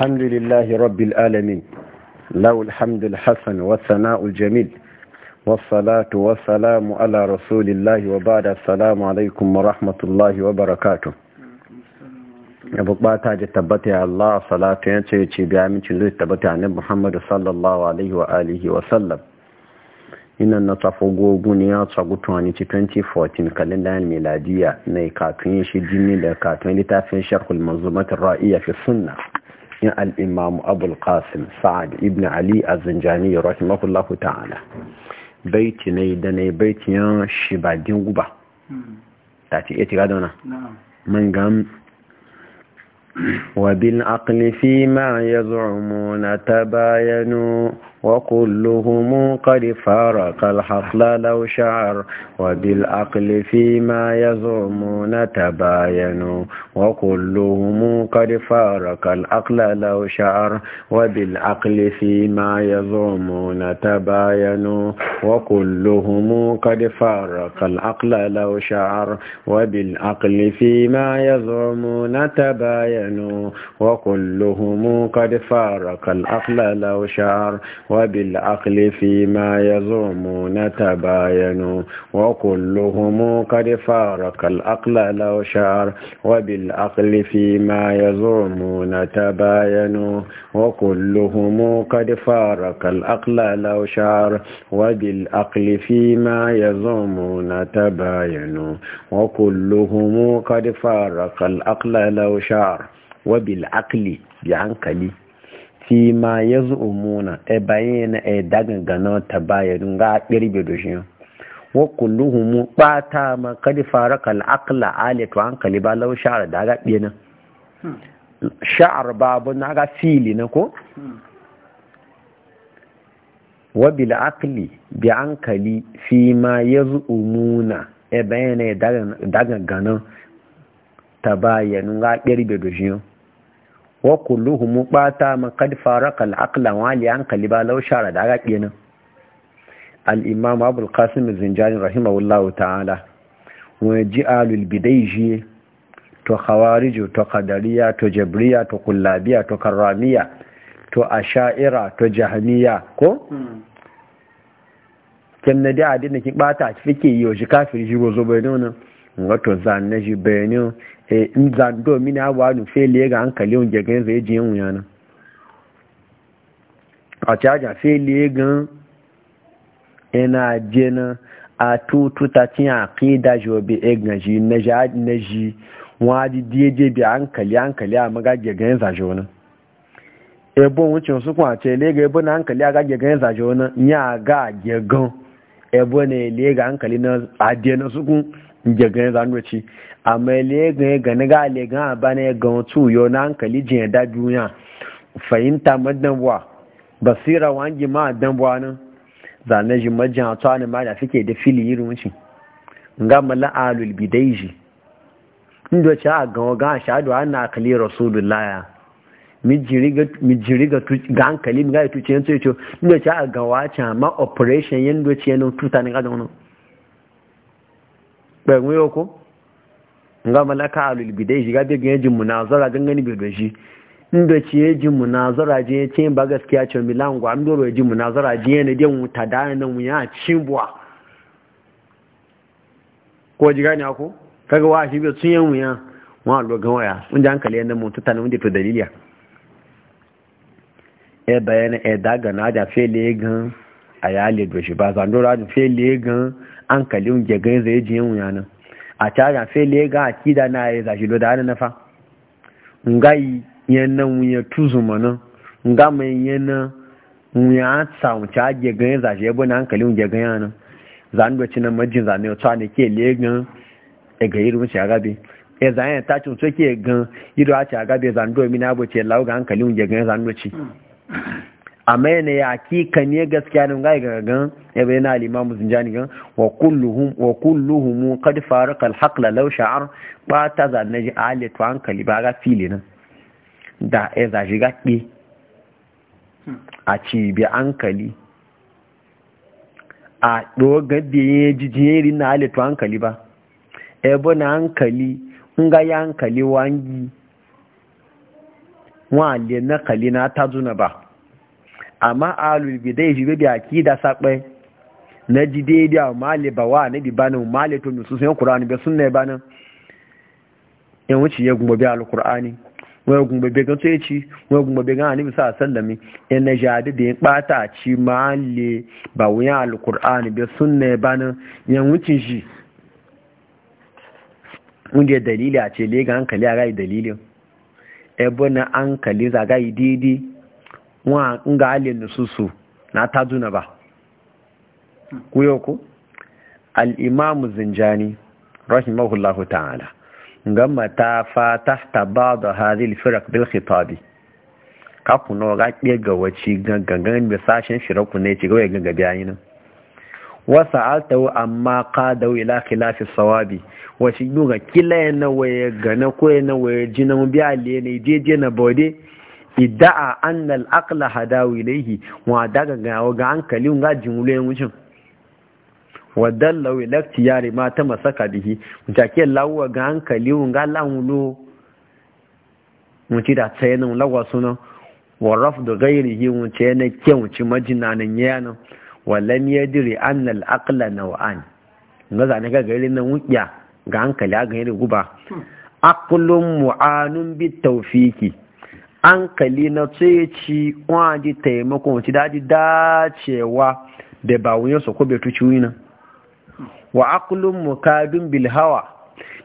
الحمد لله رب العالمين له الحمد الحسن والثناء الجميل والصلاة والسلام على رسول الله وبعد السلام عليكم ورحمة الله وبركاته abu bata ji tabbata ya Allah salatu ya ce ce biya mincin zai tabbata a nan Muhammadu sallallahu alaihi wa alihi wa sallam ina na tsafo gogu ne ya tsagu tuwani ci 2014 kalendayen miladiya na katun shi jini da katun littafin sharhul manzumatin ra'iya fi sunna yin al'imam abul qasim sa'ad ibn ali a zinjani rahimahullahu ta'ala baiti ne da ne baitiyan shibadin guba hmm. ta ce iya tira da wana man gam وبالعقل فيما ta bayanu. وكلهم قد فارق الحقل لو شعر وبالعقل فيما يزعمون تباينوا وكلهم قد فارق العقل لو شعر وبالعقل فيما يزعمون تباينوا وكلهم قد فارق العقل لو شعر وبالعقل فيما يزعمون تباينوا وكلهم قد فارق العقل لو شعر وبالعقل فيما يزومون تباينوا وكلهم قد فارق الأقل لو شعر وبالعقل فيما يزومون تباينوا وكلهم قد فارق الأقل لو شعر وبالعقل فيما يزومون تباينوا وكلهم قد فارق الأقل لو شعر وبالعقل بعنكلي fi e e ma ya umuna e bayyana e gano ta bayarin ga ɗirbe da shi wa kulluhum ta ma kad faraka al-aqla ali to hankali ba law sha'ar da ga ɗena sha'ar babu na ga fili na ko wa bil aqli bi hankali fi ma ya umuna e bayyana e gano ta bayarin ga ɗirbe da shi wa kulluhum bata ma qad faraka al-aqla wa li hankali ba law shara da gaƙe nan al-imam abul qasim az-zinjani rahimahullahu ta'ala wa al bidayji to khawarij to qadariya to jabriya to kullabiya to karamiya to asha'ira to jahmiya ko kin na da adin ki bata fike yi wa shi kafiri shi gozo wato zan na shi in eh, zando wa nu anu fele ga hankali on jege zai eji yin wuya na a caja fele gan ina e je na a tututa cin aqida jobe egan ji na ja na ji wadi dieje bi hankali hankali a maga gege za jona ebo wucin su kuma ce le ga ebo na hankali a ga gege za jona nya ga gegan ebo na le ga hankali na adie na su jege gege za amma le ga ga na ga le ga ba ne ga tu yo na hankali jin da duniya fahimta madan wa basira wangi ma dan wa nan zane ji majin a ne ma da suke da fili irin rumunci ga mala alul bidaiji inda cha ga ga shadu anna akli Mi mijiri ga hankali ga tuce yanzu yato inda ce a ga wace ma operation yin ce yanin tuta ne ga zaunan ɓarin yau ko nga malaka alul bidai shiga bai ganye jin munazara gangani bai doshi inda ci ya jin munazara ji ya ce ba gaskiya ce milan gwa an doro ya jin munazara je ya ne dai wuta da nan wuya cin buwa ko ji gani ako kaga wa shi bai sun yan ndị wa lo gan waya mun jan kale nan mun tutana e mun e da to e bayana e daga na da fele gan ayale ba zan doro da fele gan an a fe le ga akida na ya zashi lo da na nafa nga yi yana wuya tuzu mana nga mai yana wuya ta wuce ajiye ganyen zashi ya bane hankali wuce ganyen nan zan doci na majin zane ya tsawa ne ke legan ya ga irin wuce agabe ya zan yana tacin so ke gan ido a ce agabe zan domi na abuce lauga hankali wuce ganyen zan doci amma yana ya hakika ne gaskiya ne ga gagan ya bai na alima musun jani gan wa kulluhum wa kulluhum qad farqa al law sha'ar ba ta zanna ji ali to hankali ba ga fili nan da ya za shiga ki a ci bi hankali a do da ya ji jeri na ali to hankali ba e bona hankali in ga ya hankali wangi wa le na kali na ta tazuna ba amma alul bidai shi ki da sakpe na ji daidai a mali ba wa bi bana male to nusu sun sun na yi bana ya wuce ya gumba bi alqur'ani wani gumba be ya tsoyeci wani gumba be bisa annabi sa mi yan na jadi da ya a ci mali ba bai sun na yi bana yan wuce shi wunde dalili a ce lega ga hankali a gai dalilin ebe na hankali za gai daidai wa ga alin nususu na taduna ba kuyo ku al-imamu zinjani rahimahullahu ta'ala gama ta fa ta ba da hadil firak bil khitabi kaku na ga ga wace gangan mai sashen shiraku ne ci ya ganga bayani nan wasa altawo amma qadaw ila khilafi sawabi wace yuga kila yana waye gana ko yana waye jinan biya liyana ne jeje na bode idda'a anna al-aqla hadawi ilayhi wa daga gawo ga hankalin ga jinwulen wucin wa dallau ila yari ma ta masaka bihi mutake lawa ga hankalin ga lanwulo muti da tsayin lawa sunan wa rafd ghairihi mutake ne ke muci majinanan yana wa lam yadri anna al-aqla naw'an ngaza ne ga garin nan wuya ga hankali ga yare guba hmm. aqlun mu'anun bit tawfiki hankali na tsaye ci wajen taimakon wacce daji dacewa da ba wuyan su kobe tuci wina wa akulun mukadun bilhawa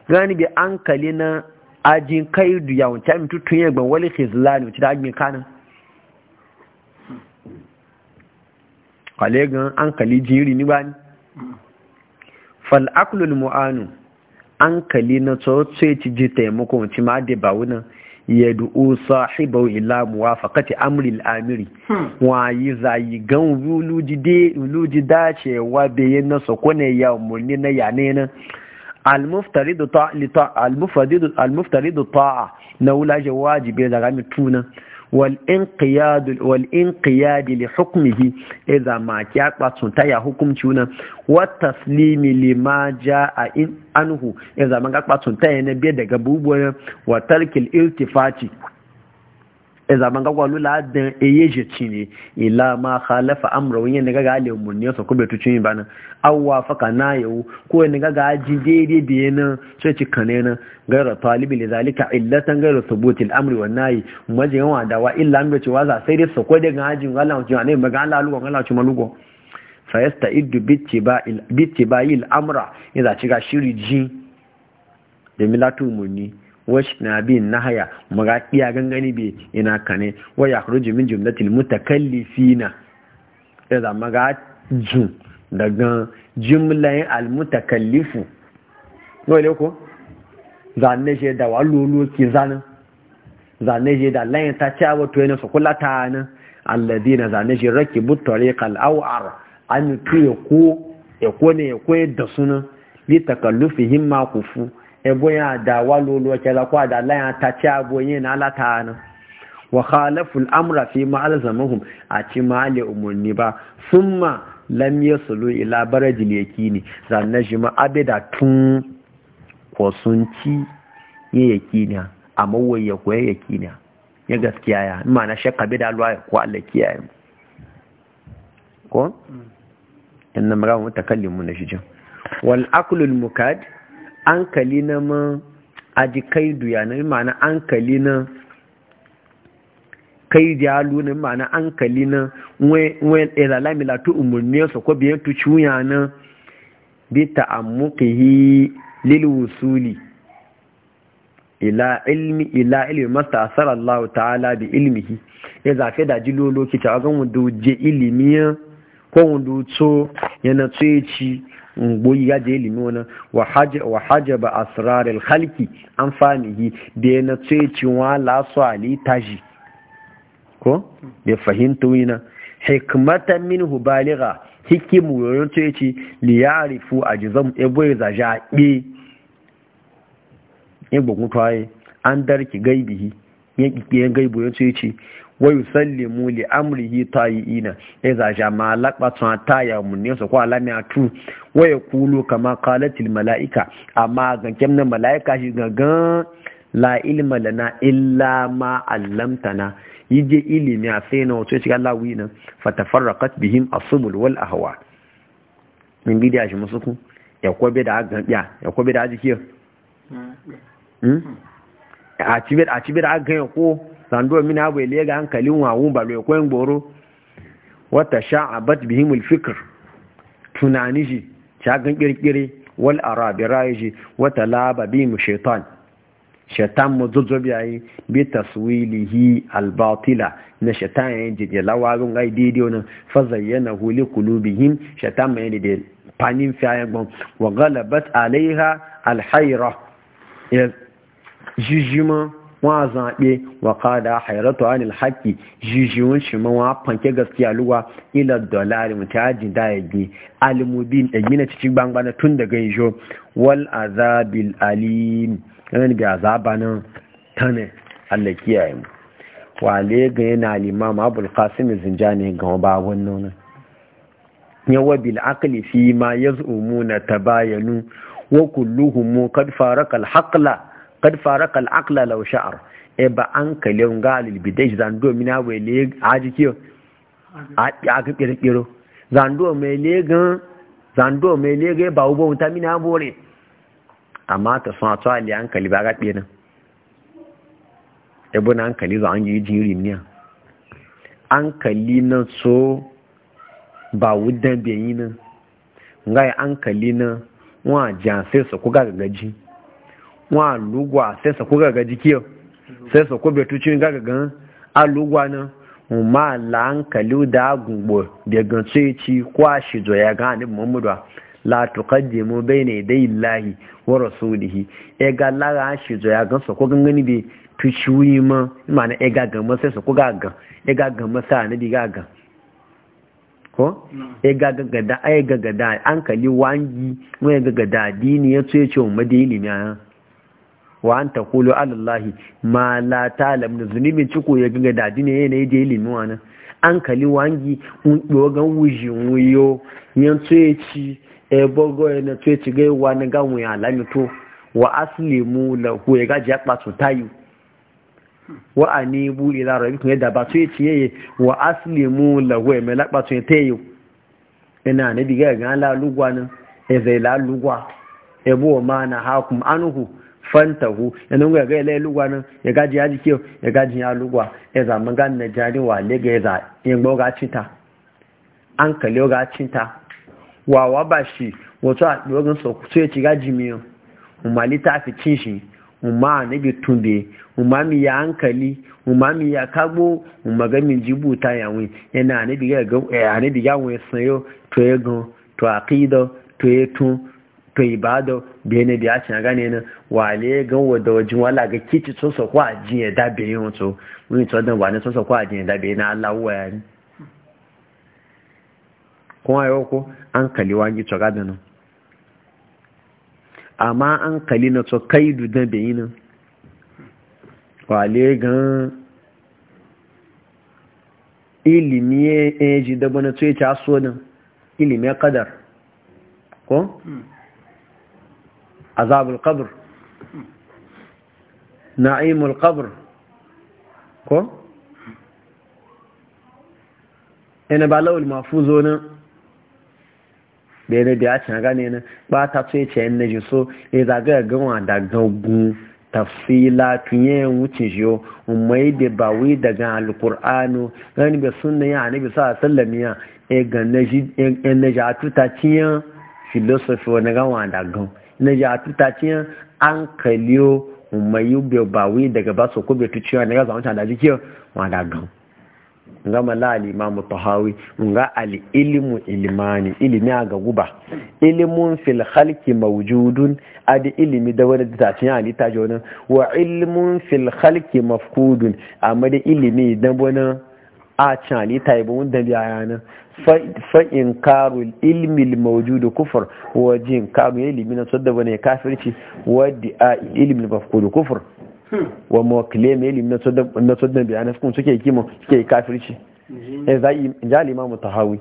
gani bi hankali na ajin kai duya wacce amin tutun yagban wali khizlani wacce da agbin kanan kwalegan hankali jiri ni bani fal'akulul mu'anu hankali na tsaye ci ji taimakon wacce ma da ba wunan yad'u sahibahu ila muwafaqati amri al-amiri hmm. wa yizayi gan wuluji de wuluji dace wa bayin na sokone ya mulni na yane na al-muftaridu ta'a al-muftaridu al-muftaridu na wulaje wajibi da gami tuna wal'inƙiyadi li hukumihi iza maki ya ɓatsun ta ya hukumci wuna wata slimi lima ja a anhu iza maka ɓatsun ta yana biya daga bubuwa watarkil iltifati zaben gagwa lula da eye je cine ila ma khalafa amra wani ne gaga ale mun ne so ko betu bana awwa faka na yau ko ne gaga ji daidai da yana sai ci kane na gaira talibi li zalika illatan gaira thubuti al amri wa nayi maje yawa da wa illa an ce waza sai dai sako da gajin Allah ji ne maga Allah lugo Allah ci malugo fa yasta'iddu bittiba'il bittiba'il amra idza ci ga shiri ji da milatu munni wash na bin nahaya maga iya gangani bi ina kane wa yakhruju min jumlatil mutakallifina idan maga ju daga jumlayin almutakallifu wale ko zane je da walolo ki zanin zane je da layin ta ci abu to yana su kula ta nan alladina zane je raki butare kal'awar an tuye ko ya kone ya koyar da sunan li takallufihim ma kufu ebonya da walolo ke da kwa da laya ta ci abonye na alata na wa khalafu al-amra fi ma alzamahum a ci mali umurni ba summa lam yasulu ila barajil yakini zanna jima abida tun ko sun ci ye yakini amma waye ko ye yakini ya gaskiya ya ma na shakka bi da Allah ko Allah kiyaye ko inna mm. magana mutakallimu na shi jin wal aklul mukad ankali na ma aji kaidu ya na ma'ana ankali na kai da luna ma'ana ankali na wen ilalami latu umarni su ko biyan tu cuya na bi ta'ammuqihi lil wusuli ila ilmi ila ilmi mastasara Allah ta'ala bi ilmihi ya zafe da ji lolo ki ta ga mu je ilimiya ko wanda so yana tsoye goyi ya je limi wani wa hajjaba asrarar halki an yi da ya na cewa lasu alita shi ko ya fahimta wina hikmatan min hubaliga hikimu yoyon ceci liyarifu a jizan ebe za jaɓe igbogun tawaye an darki gaibihi yan ƙiƙiyen gaibu yoyon ceci wa yusallimu li amrihi tayiina idza jama'a laqatun taya munne su ko alami atu wa yaqulu kama qalat malaika amma gankem na malaika shi gangan la ilma lana illa ma allamtana yije ilimi a sai na wato shi Allah wi nan fatafarraqat bihim asbul wal ahwa min bidiya shi musuku ya kobe da ganbiya ya kobe da jiki hmm. Hmm? a cibiyar a cibiyar a ganyen ko Sanduwa min abu ile ga hankalin wawun ba lo goro wata sha'abat bihim al-fikr tunani shi shagan kirkire wal arabi shi. wata laba mu shaitan shaitan mu zuzzubi yayi bi taswilihi al-batila na shaitan ya yayin da lawarun ai daidai wani fa zayyana hu li qulubihim shaitan mai da panin fiya gbon wa ghalabat alaiha al-hayra jijima wa zaɓe wa kada hairatu anil haƙƙi jijiyun shi ma wa fanke gaskiya luwa ila dolari mutu yaji da ya bi alimubin da gina cikin gbangbana tun daga yijo wal azabil alim yanar da azaba nan tane allah kiyaye mu wale ga yana limam abul qasim zinjani ga ba wannan yawa bil aqli fi ma yaz'umuna tabayanu wa kulluhum qad farakal al haqla kad faraka al'aqla law sha'ar e ba an kalew ga bidaj zan do mina wele aji kiyo a ya ka kire kiro zan do me le eh, zan do me ga eh, ba ubo ta mina bore amma ta san to ali an kali ba ga kire nan e bu nan kali zan yi jiri ni an kali na so ba wudan biyin nan ngai an kali na wa janse su ku ga gaji wọn alugwa sai sako gaga jikiyar sai sako betucin gaga gan alugwa na ma lankali da agungbo daga ga la tuqaddimu bayna yaday llahi wa rasulihi e ga wọrọ shi zoya gan sako gangani bi tuciwi ma imana e ga gan ma sai sako ga gan e ga gan ma sa ga ya gagagada wa an taqulu ala allahi ma la ta'lam zunubin ciko ya ga dadi ne yana je ilimi wannan an kali wangi un dogan wuji wuyo yan tsoyeci e bogo yana tsoyeci ga wa na ga mu ya lamito wa aslimu lahu ya ga ja patu tayu wa anibu ila rabbikum yadda ba tsoyeci yayi wa asili la lahu ya mala ya tayu ina e ne diga ga la lugwa nan e zai la lugwa e bo ma na hakum anhu fantahu yanin ga ga ilai lugwa nan ya gaji ya jike ya gaji ya lugwa ya zama na jari wa ne ga ya yin ga cinta an kale ga cinta wa wa ba shi wato a dogon so ya ci gaji miyo umali ta fi cin shi umma ne bi tunde umma mi ya hankali umma mi ya kagbo umma ga min jibuta ya yana bi ga ga eh, bi ga to ya go to aqida to ya tun to ibado biye ne biya cin gane ne wale ga wada wajin wala ga kici so so kwa jin ya e dabe yin wato wani to dan wani so so kwa jin ya e dabe na Allah waya ni kuma yau ko an kali wangi to ga nan amma an kali na to kaidu du dan be yin wale ga ilimi e, e ji da bana to ya ta so nan ilimi kadar ko hmm. عذاب القبر نعيم القبر ko انا ba lawul mafuzo na da yana biya cin gane na ba ta so yace yan naji so ya zaga gawa da gagun tafsila tunye wuce jiyo mai da ba wi daga alkur'anu gani ba sunna ya annabi sa sallam ya e ga naji en na ya ci an kaliyo mai yi bawi daga ba su kube tuci cewa ne yau zama da jikiyo ma da gan nga mala alimamu tahawi nga al'ilimu ilimani ilimi a ga guba ilimun fil khalqi mawjudun adi ilimi da wani da ali ta jonin wa ilimun fil khalqi mafkudun amma da ilimi da wani a ta yi bu wanda biya yanan fa'in karul ilmil maujudu kufur wajen karu ya ilimi na sadda bane kafirci wadda a ilimin mafkudu kufur wa mawakile mai ilimi na sadda bayanan sukun suke kima suke kafirci ya hmm. eh, limamu hawi.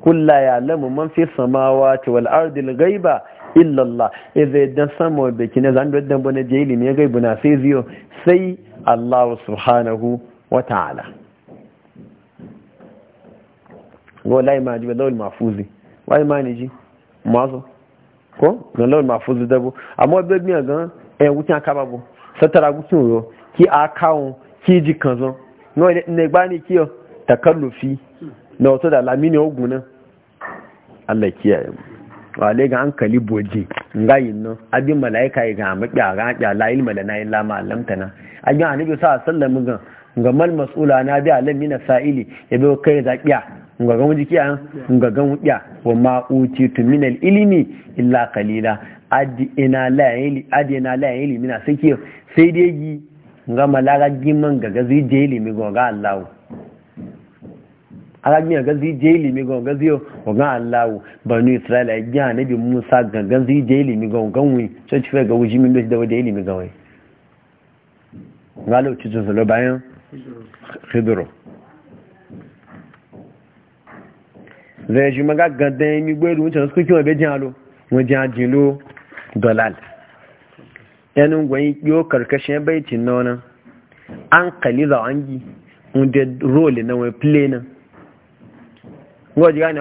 kulla ya lamu man fi samawa ta wal ardil gaiba illallah idza yadan sama da ne, zan da bane je ilimi ya gaibu na sai ziyo sai Allah subhanahu wa ta'ala Ngo lai ma ji lawal mafuzi wai ma ni ji mazo ko ga lawal mafuzi bu amma be mi gan e wuti aka babo satara gutin yo ki akawun ki ji zo no ne gba ni ki kiyo takallufi na wato da lamini ogun na Allah kiyaye mu le ga hankali boje ngai nan abi malaika ga maki a ran ya la ilma lana illa ma allamtana ajin annabi sallallahu alaihi wasallam ga mal mas'ula na bi alamin sa'ili yabo kai zakiya nga gamu jikiya nga gamu ya wa ma utitu min al ilmi illa qalila adi ina la yili adi ina la yili mina sai ke sai dai gi nga malaga gimman ga zai je ilimi go ga Allah ala gina zai je ilimi go zai go ga Allah banu israila ya nabi musa ga zai je ilimi go ganwi so ci ga wuji min da wada ilimi ga wai ngalo ci zo bayan khidro zai ji maga gandan mi gberu wucin su kuki wabe jin alo wajen ajilo dalal yanin gwayin kiyo karkashin baitin na wani an kali za wangi ndị role na wani play na gwaji gani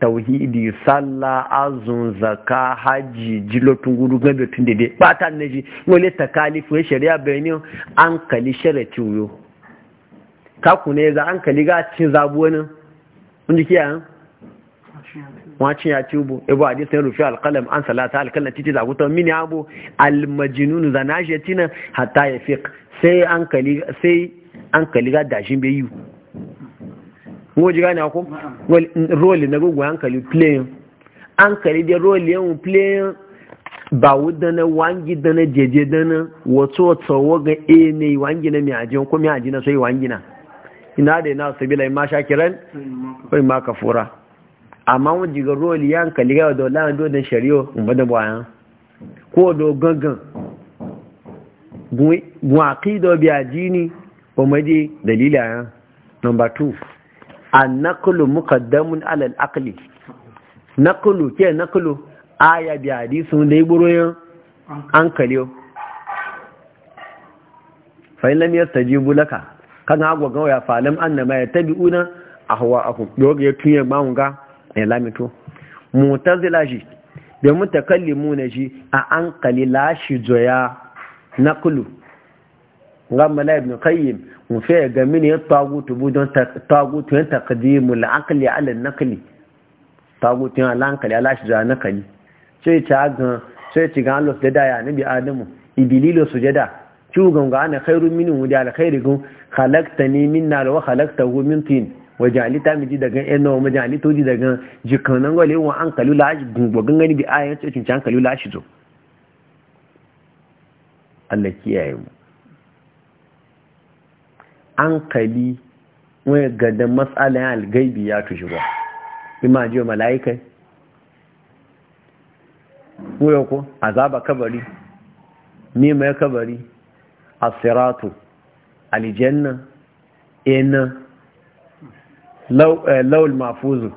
tauhidi sallah azun zaka haji jilotun gudu gabe tun dede ba ta ji wale takalifu ya shari'a benin an kali sharati wuyo ku ne za an kali ga cin zabu wani wanda kiya yan wacin ya tubu ibu a ne rufi alkalam an salata alkalam titi zagu ta mini abu almajinun zanashi tina hatta ya fiq sai an kali sai an kali ga dashin bai yi ko ji gane ko role na gugu hankali playing hankali da role yawon playing ba wudana wangi dana jeje dana wato tsawo ga e ne wangi na mi ajiyan ko mi ajina sai wangi na ina da ina sabila ma shakiran kai ma kafura amma mun jigar role ya hankali ga da lan do dan shari'o in bada bayan ko do gangan gwaki da biya jini ko maji dalila number two. annakulu mukaddamun alal akali nakulu ke nakulu aya bi hadisu da an kaliyo fa in lam yastajibu laka kan hago ga ya falam annama yatabiuna ahwa'ahum yoga ya tunye maunga ne lamito mutazila shi da mutakallimuna shi a kali lashi joya nakulu ga ibn qayyim mufe ga mini ya tagutu budon tagutu yan takadimu la'akali a ala nakali tagutu yan la'akali ala shi da nakali sai ci agan sai ci ga allah sujada ya nabi adamu ibililo sujada cugan ga ana khairu mini wudi ala khairu gun halakta ni min na wa halakta hu min tin wajen alita miji daga yan nawa wajen alita wuji daga jikanan gwale wa an kalu la'ashi gungbogin gani bi ayan sai cin can kalu la'ashi zo Allah kiyaye mu an kali wani gadon matsalin algaibi ya tushe ba ima jiwa mala'ikai wuyo ko azaba kabari nima ya kabari asiratu alijanna ina eh, laul mafuzu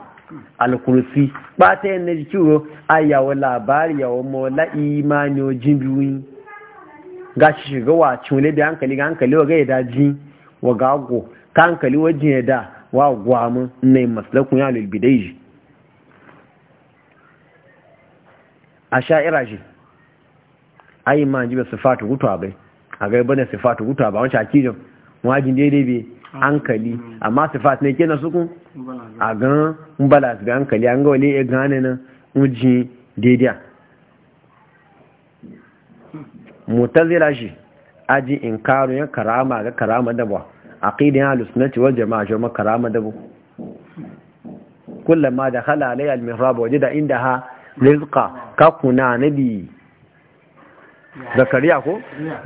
alkursi ba ta yin na jikiro a yawo labari yawon mola imani ojin biyu ga shi shiga wacin wule da hankali ga hankali wa ga ya daji wa gago kankali wajen ya da wa gwamu ne maslakun ya da ji a sha'ira shi ayi ma ji ba hutu a bai a gaiba na sifatu a ba wancan akijin wajen daidai bai hankali amma sifat ne ke na suku a gan mbala su bai hankali an gawale ya gane na uji daidai mutazila shi aji in karu ya karama ga karama da ba عقيدة أهل السنة والجماعة جمع كرامة دبو كلما دخل عليها المهراب وجد عندها رزقا كقنا نبي zakariya ko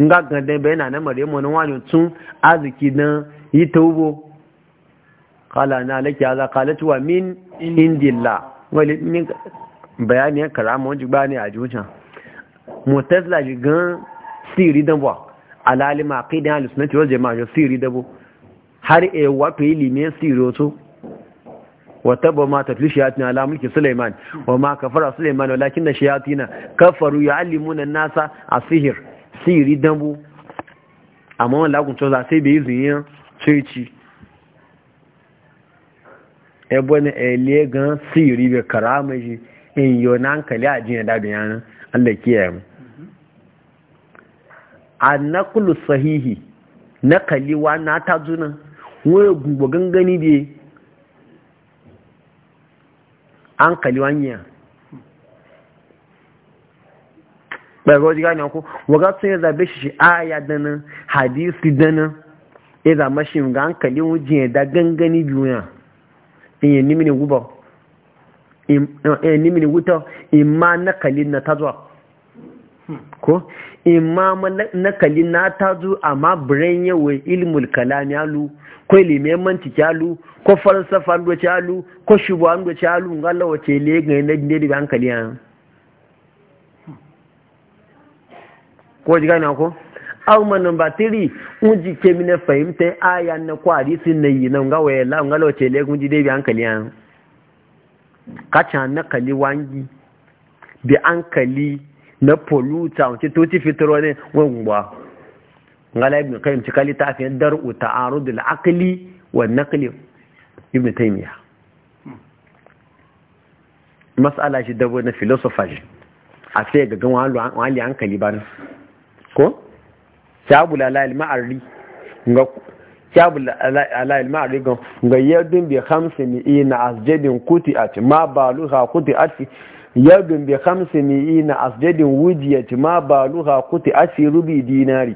nga gande bayana na maryamu na wani tun arziki na yi taubo kala na laki za kalatu wa min indilla wani min bayani ya karama wajen bani a jucin mutazla jigan siri dabo alalima aqidan alusunnati wal jama'a siri dabo har e wato yi limiyar siroto wata ba ma tafi shayatina ala mulki suleiman wa ma kafara suleiman walakin da shayatina kafaru ya alimu na nasa a sihir siri dambu amma wani lagun tozo sai bai izin yin cici ebe na ele gan siri bai karama shi in yi wani hankali a jiya dabi yanar allah kiyaye mu a nakulu sahihi nakali wa na tazunan waya gugu gangani da an kaliwanya ɓargo ji gani ko waga sun ya zabe shi aya dana hadisi dana ya zama shi ga an kali wujin ya da gangani biyu ya in yi nimini guba wuta eh, in ma na kali na tazuwa ko imma nakali na ta zo amma biran yawon ilmul kalam ya lu ko ilimin mantiki ya lu ko falsafa ando ya lu ko shubu ando ya lu ngalla wace le ga na dinde da hankali ya ko ji gani ko alma number 3 ji ke na fahimta aya na ko hadisi na yi na ngawa waye la ngalla wace le gunji da hankali ya kacha nakali wangi bi hankali na polluta wace to ci fitro ne wangwa ngala ibn qayyim ci kali tafi dar'u ta'arud al-aqli wa naqli ibn taymiya mas'ala shi dabo na philosophy a sai ga gan wani hankali ba ko shabul alayil ma'arri ga shabul alayil ma'arri ga ga yadun bi khamsi ina asjadin at ma baluha at yardun bi hamsi mi'ina asjadin wujiyati ma baluha kuti asiru bi dinari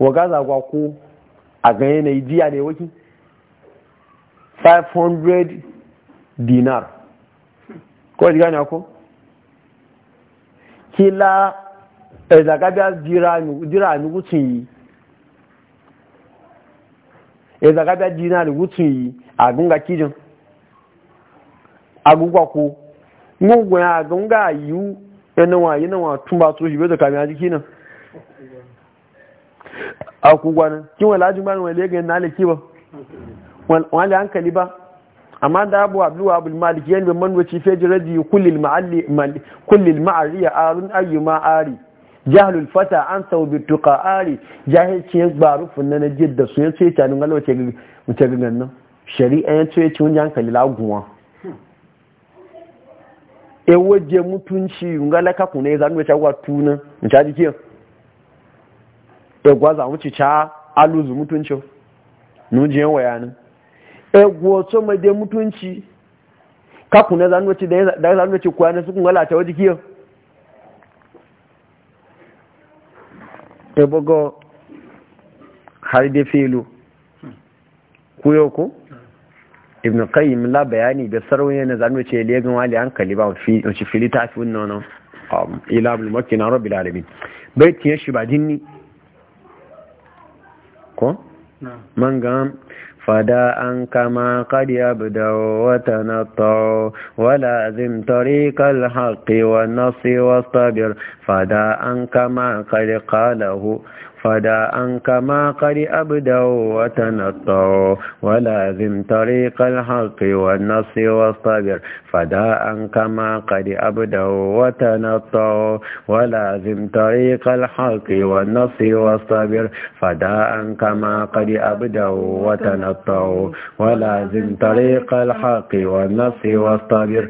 wa gaza gwa ko a ga yanayi jiya ne waki 500 dinar ko ji gani ako kila ezagabia ni wutun yi ezagabia ni wutun yi a gunga kijin agugwa mugun ya gunga yiwu yana wayi na watun ba to shibe da kami a jiki nan a kugwanin kin wala ajin ba wani lega na alaki ba wani hankali ba amma da abu abdu abu maliki yan bin manwaci feji radi kullil ma'alli kullil ma'ari ya arun ayyuma ari jahlul fata an sau bi tuqa ari jahilci ya gbaru funna na jidda su ya ce ta nungalo ce ga nan shari'a ya ce ya ci wani hankali laguwa e waje mutunci ngala ka kuna ya zanu ta watu nan in ta dike e gwaza mu ci aluzu mutunci nu je waya nan e gwoto ma de mutunci ka kuna zanu ci da da zanu kwana su kun ngala ta waje Ebogo e bogo de felu hmm. kuyo ku. Hmm. ibn qayyim la bayani da sarwani na zanu ce legan wali hankali ba fi shi fili ta fi wannan nan um, ila bil makina rabbil alamin baiti ya shi ba jinni ko man ga fada an kama wata na wa wala wa lazim tariqal haqqi wa nasi wastabir fada an kama qad qalahu فدا أنك ما قد أبدوا وتنطوا ولازم طريق الحق والنص والصبر فدا أنك ما قد أبدوا وتنطوا ولازم طريق الحق والنص والصبر فدا أنك ما قد أبدوا وتنطوا ولازم طريق الحق والنص والصبر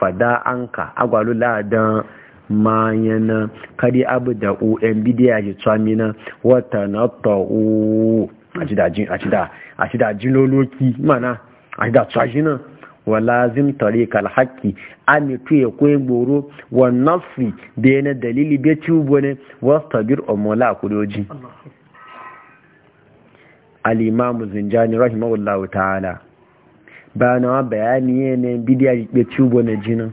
فدا أنك أقول لا دان mayana kadi abu da un bidiya ji tsamina wata na ta'u a ci da jiloloki mana a ci da tsajina wa lazim tarika alhaki an tu ya koyin goro wa nafi da yana dalili bai ci ubo ne wasu tabir omola kudoji alimamu zinjani rahimahullahu ta'ala ba na bayani ne bidiya ya ci ubo na jinan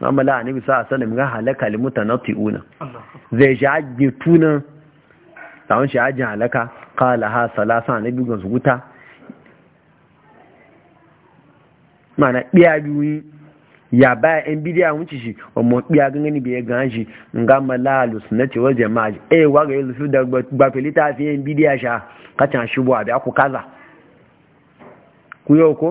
amma la annabi sa sallam ga halaka lil mutanatiuna zai ji aje tuna tawon shi aje halaka qala ha salasa annabi ga su guta mana biya biyu ya ba yan bidiya wuce shi amma biya gangani biya gan shi nga malalu sunnati wal jama'a eh wa ga yusu da gba felita fi yan bidiya sha kacan shi bo abi aku kaza kuyo ko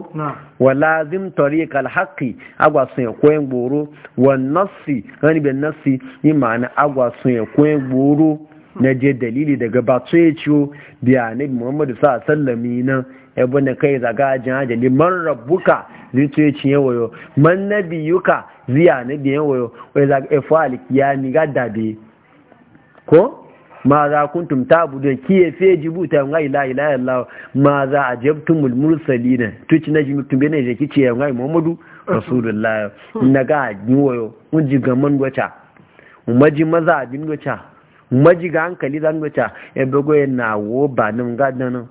wa lazim tariqal haqqi agwa sun ya koyen gboro wa nassi hani ben nassi ni ma'ana agwa sun ya koyen gboro na je dalili daga ba to ya ciwo biya ne muhammadu sa sallami nan ebe na kai zaga ajin ajali man rabbuka zai to ya wayo man nabiyuka ziya na biyan wayo wai e zaga efu ya ga dabe ko ma za kuntum tabudu kiye feji buta ngai la ilaha illallah ma za ajabtumul mursalin tuci na jimi tumbe ne je kici ngai muhammadu rasulullah naga niwoyo unji gaman Ma ji maza a abin Ma ji ga hankali zan gocha e bogo na wo ba nim gadan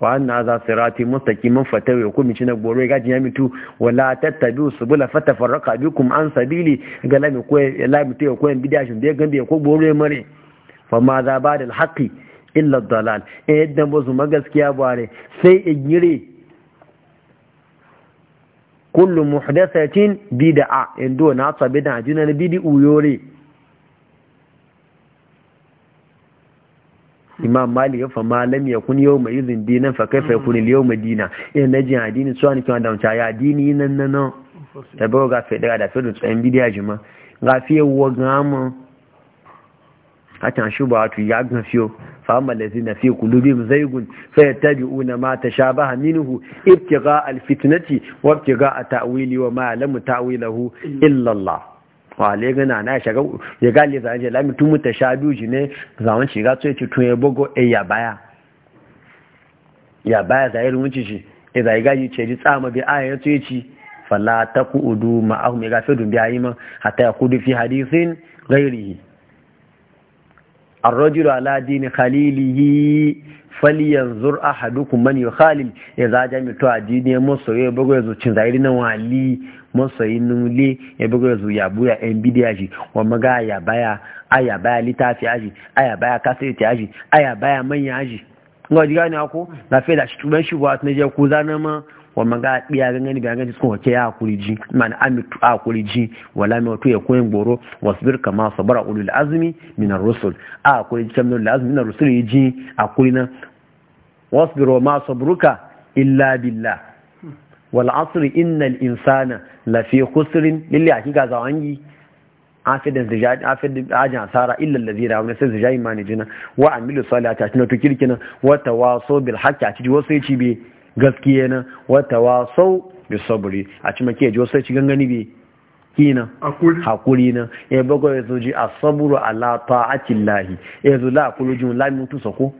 wa anna za sirati mustaqiman fatawa ku mi cina goro ga jinya mitu wala tattabi subula fatafarraqa bikum an sabili ga lami ko lami to ko bidiya shin be gambe ko goro mare fa ma za ba da haƙƙi illa dalal in eh, yadda ba su magaskiya ba ne sai in yire kullu muhdathatin bid'a in do na ta da jina ne bidi uyore imam mali ya fa lam ya kun yau mai izin dinan fa kai fa kun yau mai dina in eh, na ji addini suwa ni kuma da mutaya ya nan nan nan da bawa ga fe da da fe da tsayin bid'a jima ga fiye wa gama shuba wato ya gafiyo فأما الذين في قلوبهم زيغ فيتبعون ما تشابه منه ابتغاء الفتنة وابتغاء تأويل وما يعلم تأويله إلا الله wale gana na shaga ya gali zan je lami tun ta sha biyu ji ne zaman shiga a ci tun ya bugo e ya baya ya baya zai rumunci shi e zai gaji ce ji tsama bi aya ya fala ta ku ma'ahu mai gafe dun biya yi ma hatta ya kudu fi hadisin gairihi الرجل على دين خليله falyanzur ahadukum man yukhalil ya za jami to addini ya masoyi ya bugu ya zuci zairi na wali masoyi nule ya bugu ya ya buya yan bidiya shi wa maga ya baya aya baya litafi aji aya baya kasirti aji aya baya manya aji ngo diga ne ako na fe da shi tuban shi wa je ku zana ma wa maga biya ga ngani ga ngani sun wake ya kuriji man amitu a ji wala mi wato ya koyin goro wasbir kama sabara ulul azmi min ar-rusul a kuriji kam ulul azmi min ar-rusul yiji a Wasu wasbir wa ma "Buruka illa billah wal asr innal insana lafi khusrin ga hakika zawangi afidin zijadi afidin ajin asara illa da wani sai zijai jina wa amilu salata tuna to kirkina wa tawaso bil haqqi a cikin wasu ya ci be gaskiya na wata wasau bi sabri a cikin ke ji wasu ci gangani bi kina hakuri na ya e bago ya zoji a saburu ala ta'atin lahi ya zo e la akulu jin la mutu sako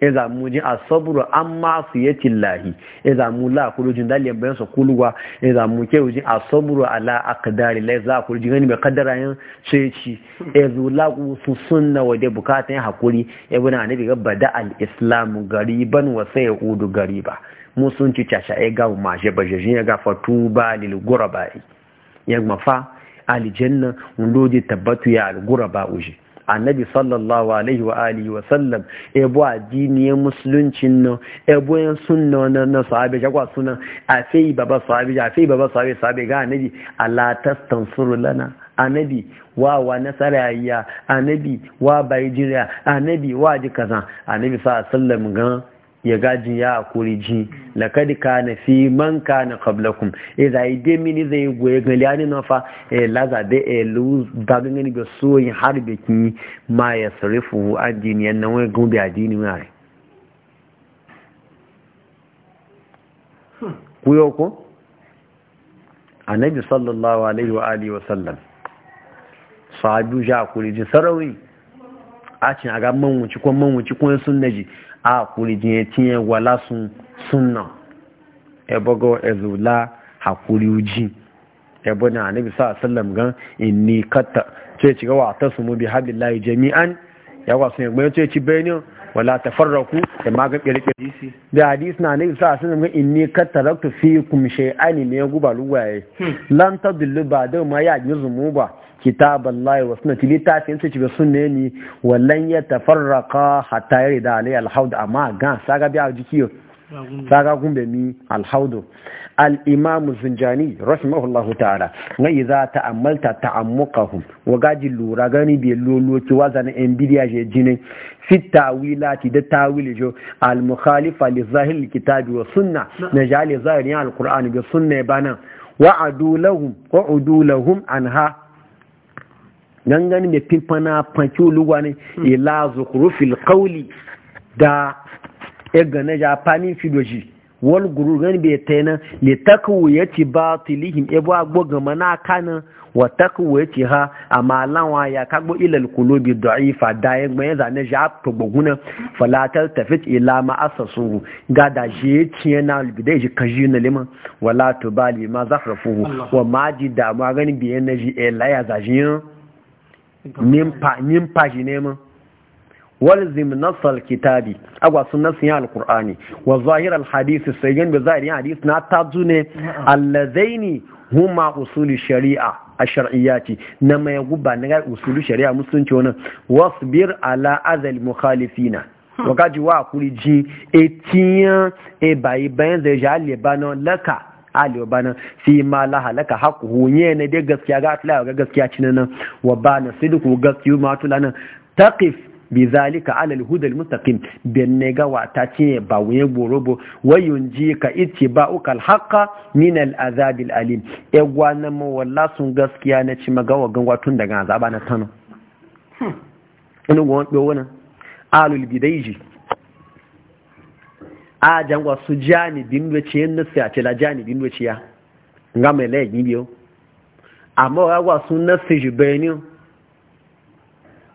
ya e mu ji a saburu amma su yatin lahi ya zamu la akulu jin dalilin bayan sa kuluwa ya mu ke ji a saburu ala aqdari la za akulu jin gani mai kaddara yan sai ci ya zo la su sunna wa da bukatun hakuri ya bi na annabi gabba bada al-islam gariban wa sai ya udu gariba musunci casha ya ga ba bajejin ya ga fatuba lil gurabai ya mafa aljanna undoji tabbatu ya al guraba uji annabi sallallahu alaihi wa alihi wa sallam ebo addiniyar musuluncin nan bo en sunno na na sahabe kwa sunan a sai baba sahabe ja sai baba sahabe sahabe ga annabi ala tastansuru lana annabi wa wa nasarayya annabi wa bayjira annabi wa ji kaza annabi sallallahu alaihi wa sallam ga ya gaji ya akuri ji lakad kana fi man kana qablakum e za ide mini zai goye gali ani na fa e laza de e lose dagin gani ga so har be ki ma ya sarifu adini yan nan wai gumbi adini mai kuyo ko annabi sallallahu alaihi wa alihi wa sallam sahabu ja akuri ji sarawi a cin aga man wuci ko man wuci ko sun naji a kuri jiye tiye wala sun sunna ebogo ezula hakuri uji ebo na anabi sa sallam gan inni kata. ce ci ga wa ta mu bi habillahi jami'an ya wa sun ce ci bayani wala tafarraku da maga kirkiri da hadis na ne sa sun ga inni kat taraktu fiikum shay'an ya guba luwaye hmm. lan tadillu ba da ma ya ji zumu ba kitaballahi wa sunnati ta su ci sunne ni wallan ya tafarraqa hatta yarida alai alhaud amma ga saga biya jikiyo saga gumbe mi alhaudu al-imam zinjani rahimahullahu ta'ala na ta amuka ta'ammuqahum wa gaji lura gani bi loloki wa zan en bidiya je jini, fi tawilati da tawili jo al-mukhalifa li zahir al-kitabi wa sunna na jali zahir al-qur'ani bi sunna bana wa adulahum wa anha gangan me pimpana luwa hmm. ila zukrufil qawli da ga na japani fidoji wal guru gani bai ta nan le takwu ya ci ba tilihim ebo agbo gama na kanin wa takwu ya ci ha amma wa ya kagbo ilal kulubi da'ifa da ya gbaye zane ja togboguna falatar tafit ila ma asasu ga da shi ya ciye na albidai kaji na wala tubali ma zafrafuhu wa ma ji damuwa gani biyan na ji elaya zajiyan nimfa shi neman walzim nasal kitabi agwa sunan nasin alqur'ani alkur'ani wa zahir alhadith sayyan bi zahir ya na tazune ne allazaini huma usuli shari'a a shar'iyyati na mai guba na usul shari'a musunci wannan wasbir ala azal mukhalifina hmm. wa kaji wa kuri ji etiyan e bayi bayan zai ja lebano laka ali bana fi ma la halaka haku hunye ne gaskiya ga atla ga gaskiya cinan wa bana sidiku gaskiya ma tulana taqif bi zalika ala alhuda almustaqim bin ne ga wata ce ba wuye wayun ji ka itti ba ukal haqa min alazab alalim e gwana ma walla sun gaskiya na ci magawa gangwa tun daga azaba na tano hmm. ina gwan do wannan alul bidayji a jangwa su janibin wace yin nasu ya ce la janibin wace ya nga mai laye amma wa sun nasu shi bayanin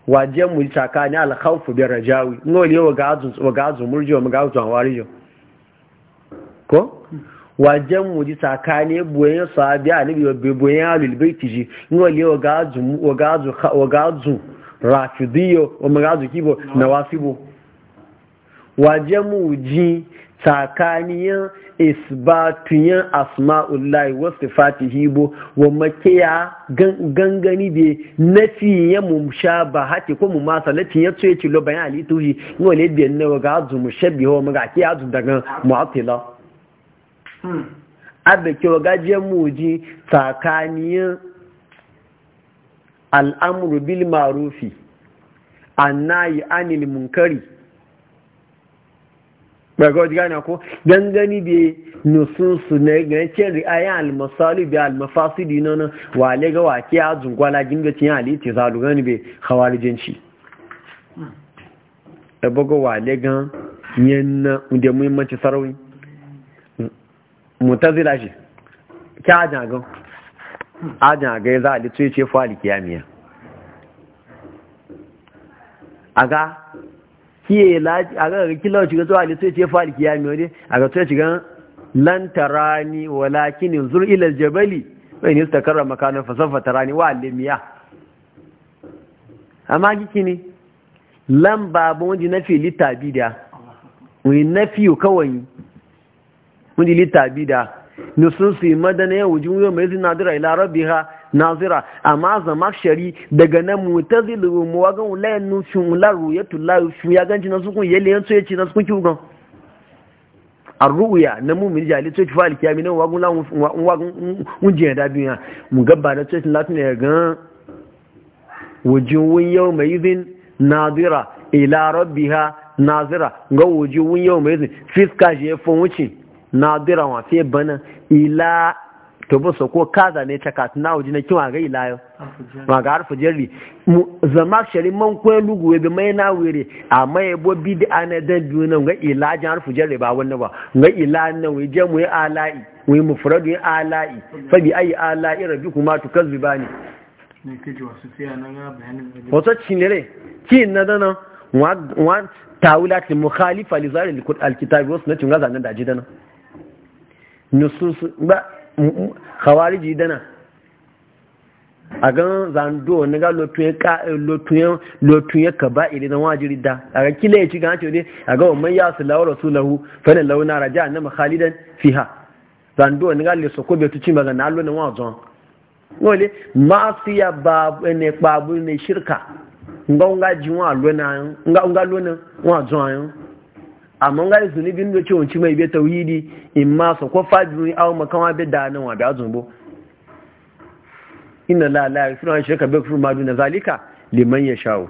wajen mu tsakani alkhawfu bi rajawi ngole wa gazu wa gazu murjiwa mu gazu hawarijo ko wajen mu ji tsakani boyen sahabi annabi wa boyen alul baiti ji ngole wa gazu wa gazu wa gazu rafidiyo wa mu gazu kibo nawasibo wajen mu ji tsakaniyan isbatuyan asma'ullahi wa fatihi bo wa makiya gangani be sha ya mumshabahati ko mu na ya tsoye ci lo bayan alituhi ngo biyan na waga azu mu shabi mu maga ake azu daga mu'attila hmm. abe waga wa mu muji tsakaniyan al'amru bil ma'rufi annayi anil munkari ga wajen gane ko dangane bai nusunsu na gancin ri'ayen almasali bai almafasidi na nan wale ga wake a zungwala gingacin halitta za lu gani bai hawarijanci da wa wale gan yana da muhimmanci sarauni mutazila shi ki ajin agan ajin agan ya za a litsoye ce fuwa likiyamiya aga kiye laji a ga kila shiga zuwa ne sai ce fa alkiyami wani a ga sai shiga lan tarani walakin zur ila aljabali wa in istakarra makanan fa sawfa tarani wa alimiya amma kiki ne lan babu wani nafi litabi da wani nafi kawai wani litabi da nusun su yi madana yau jin yau mai zina dura ila rabbiha nazira amma zama shari daga nan mutazilu mu wagan ulayen nufin laru ya tulayu shi ya ganci na sukun yalle yanzu ya ce na sukun kiwugan arruya na mumin jali to fa alkiyami nan wagun la wagun unje da biya mu gabba da to latin ya ga wujuhun yawma idhin nadira ila rabbiha nazira ga wujuhun yawma idhin fiska je fon wuce nadira wa fe bana ila to ba ko kaza ne ta katin na wajen kiwa ga ilayo ma ga harfi jerry zama shari man kwen lugu webe mai na were a mai bo bidi ana dan biyu nan ga ilajin harfi jerry ba wannan ba ga ila nan wai mu yi ala'i wai mu furadu yi ala'i fa ayi ala'i rabi kuma to kazziba ne wato cinere ki na dana wa tawulat mukhalifa li zahir al-kitab wa sunnati ngaza nan da jidana nusus ba khawariji dana a gan zando na ga lotuyen ka ba iri na wajiri da a ga kila ya ci gan ce a ga wannan ya su lawar su lahu fana launa raja na makhalidan fiha zando na ga le soko be tuci maga na lo na wajon wole ya ba ne kpabu ne shirka nga nga ji wa lo na nga nga lo na wajon amma ga zunubin da cewa ci mai bai tauhidi in ma su ko fajirin aw makama bai da nan wa bai zumbo inna la la yaghfiru an shirka bi kufri ma duna zalika liman shawo.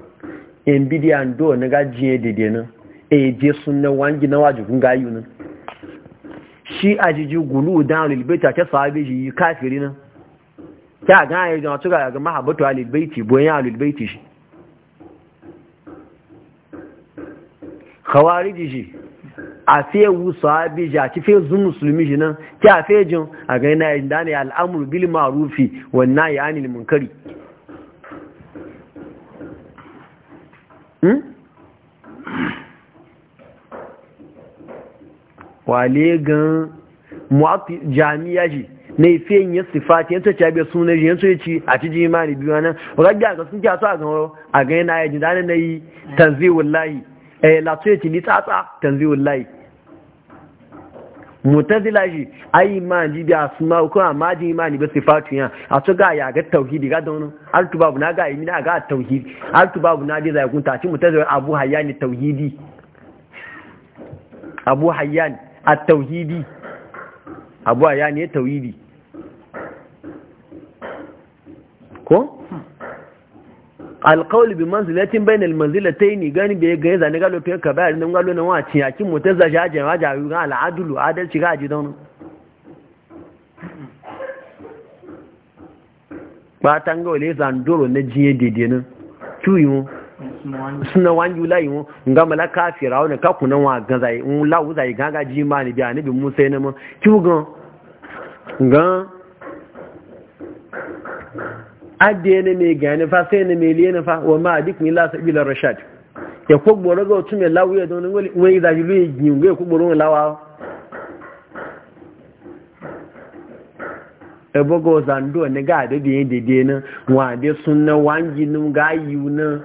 in bidiyan do na ga ya dede nan e je sunna wangi na waji kun gayu nan shi ajiji gulu dan lilbaita ta sahabi shi kafiri nan ta ga ya ga to ga mahabbatu alilbaiti boyan alilbaiti shi khawariji shi a fiye sahabi shi a ci fiye zun musulmi shi nan ki a fiye jin a gani na yin dane al'amur bil marufi wannan ya anil munkari hmm? wale gan mu'afi jami'a shi na ife yin sifati yin ci abin suna ji yanzu ya ci a ci jimani biyu nan wadda ga sun ci a so a gani na yi jin dane na yi tanzi wallahi eh la ce ci ni tsatsa tanziul lai mutazila ji ai ma ji da asma ko amma ji imani ba fatu ya a to ga ya ga tauhidi ga don altu babu na ga imani ga tauhidi altu babu na ji zai kunta ci mutazila abu hayyani tauhidi abu hayyan at-tauhidi abu hayyan ne tauhidi ko alqawl bi manzilatin bayna al manzilatayn gani be ga yanzu ne galo kai ka bayar nan galo nan wa cin yakin mutazza jaje ma jaru ga al adlu adalci ga ji daunu ba tanga wale duro na jiye dede nan mu suna wanju layi mu nga mala kafira wani kaku nan wa ganza yi un lawu zai ganga ji ma ni biya ni bi musa yana ma kiwu ga gan adiye ne mai gani fa sai ne mai liye fa wa ma adik ni la sabila rashad ya ko gboro ga otu mai lawo ya don ngoli wai da jilu yin ga ko gboro lawa e bogo zando ne ga da biye de de na wa na sunna wangi num ga yiwu na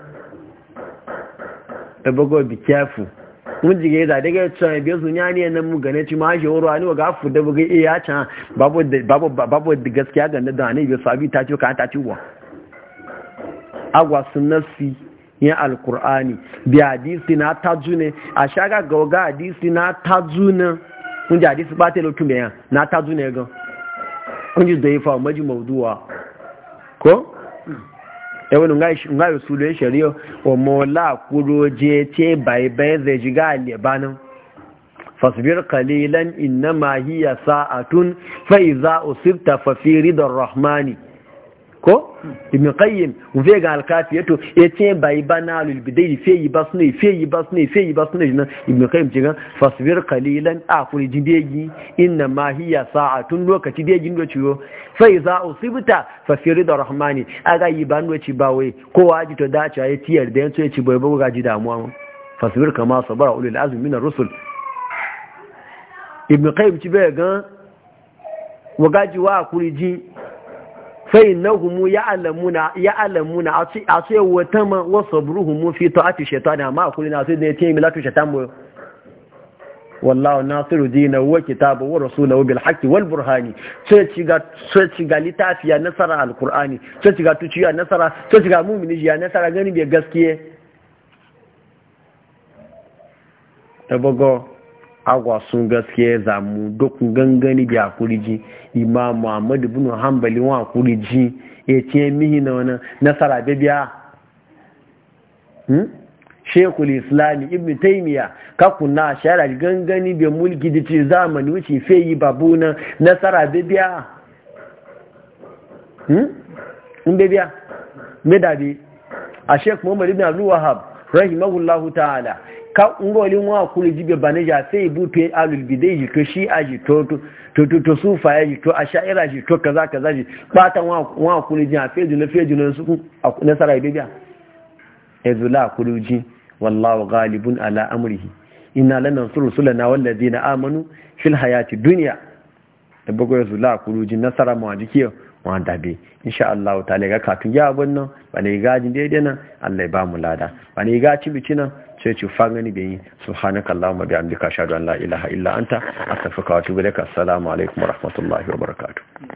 e bogo be careful mun jige da daga tsaye biyo sun ya ne mu gane ci ma shi horo ani ga fu da buga iya can babu da gaskiya ga da ne biyo sabi ta ce ka ta ci wa agwa nasi yin alkur'ani bi hadisi na tajune a shaga ga ga hadisi na tajuna kun ji hadisi ba ta yi lotu me na tajune ga kun ji da fa maji mawuduwa ko yawon nga yi su lai shari'a wa mola kuro je te bai bai zai ji ga libanin fasbir kalilan inna hiya sa'atun fa'iza iza usibta fa ridar rahmani ko ibn qayyim uve ga alkafi yato ce bai bana lil bidai fe yi bas ne fe yi bas ne fe yi bas ne nan ibn qayyim ce fasbir qalilan akuri jidegi inna ma hiya sa'atun lokaci degi ndo ciwo fa iza usibta fa fi ridar rahmani aga yi ban do ci bawe ko waji to dace ya tiyar da yanzu ya ci bai buga ji damuwa fasbir kama sabara ulul azmi min ar-rusul ibn qayyim ci bai wagaji wa kuri ji. fai na humu ya alamuna a sai wata ma wasu buru humu fi ta ati amma a kuli na sai zai tiye milatu shaitan mu wallahu nasiru dina wa kitabu wa rasulahu bil haqqi wal burhani sai ciga sai ciga litafiya nasara alqur'ani sai ciga tuciya nasara sai ciga mu'mini ya nasara gani bai gaskiye tabago agwa sun gaskiya zamu dukkan gangani bi akuriji imam muhammad ibn hanbali wa akuriji ya ce mihi na wani nasara bibiya hmm? shekul islami ibn taimiya kakuna shara gangani bi mulki da ce zamani wuce feyi babu na nasara bibiya hmm? in bibiya me dabi a shek muhammad ibn abdul wahab rahimahullahu ta'ala ka ngoli wa kuli jibe baneja sai pe alul bidaiji to shi aji to to to to sufa yaji to ashaira ji to kaza kaza ji batan wa wa kuli ji afi na fi juna su na sarai bibiya ezula kuli ji wallahu ghalibun ala amrihi inna lanansuru rusulana wal ladina amanu fil hayati dunya da bugo ezula kuri ji nasara mu aji kiyo wa dabe insha Allah ta'ala ga katun ya wannan bane gajin daidai nan Allah ya ba mu lada bane ga cibici nan sai ce gani bin yi subhanakallahumma bihamdika ashhadu an la ilaha illa anta astaghfiruka wa atubu ilaik assalamu alaikum wa rahmatullahi wa barakatuh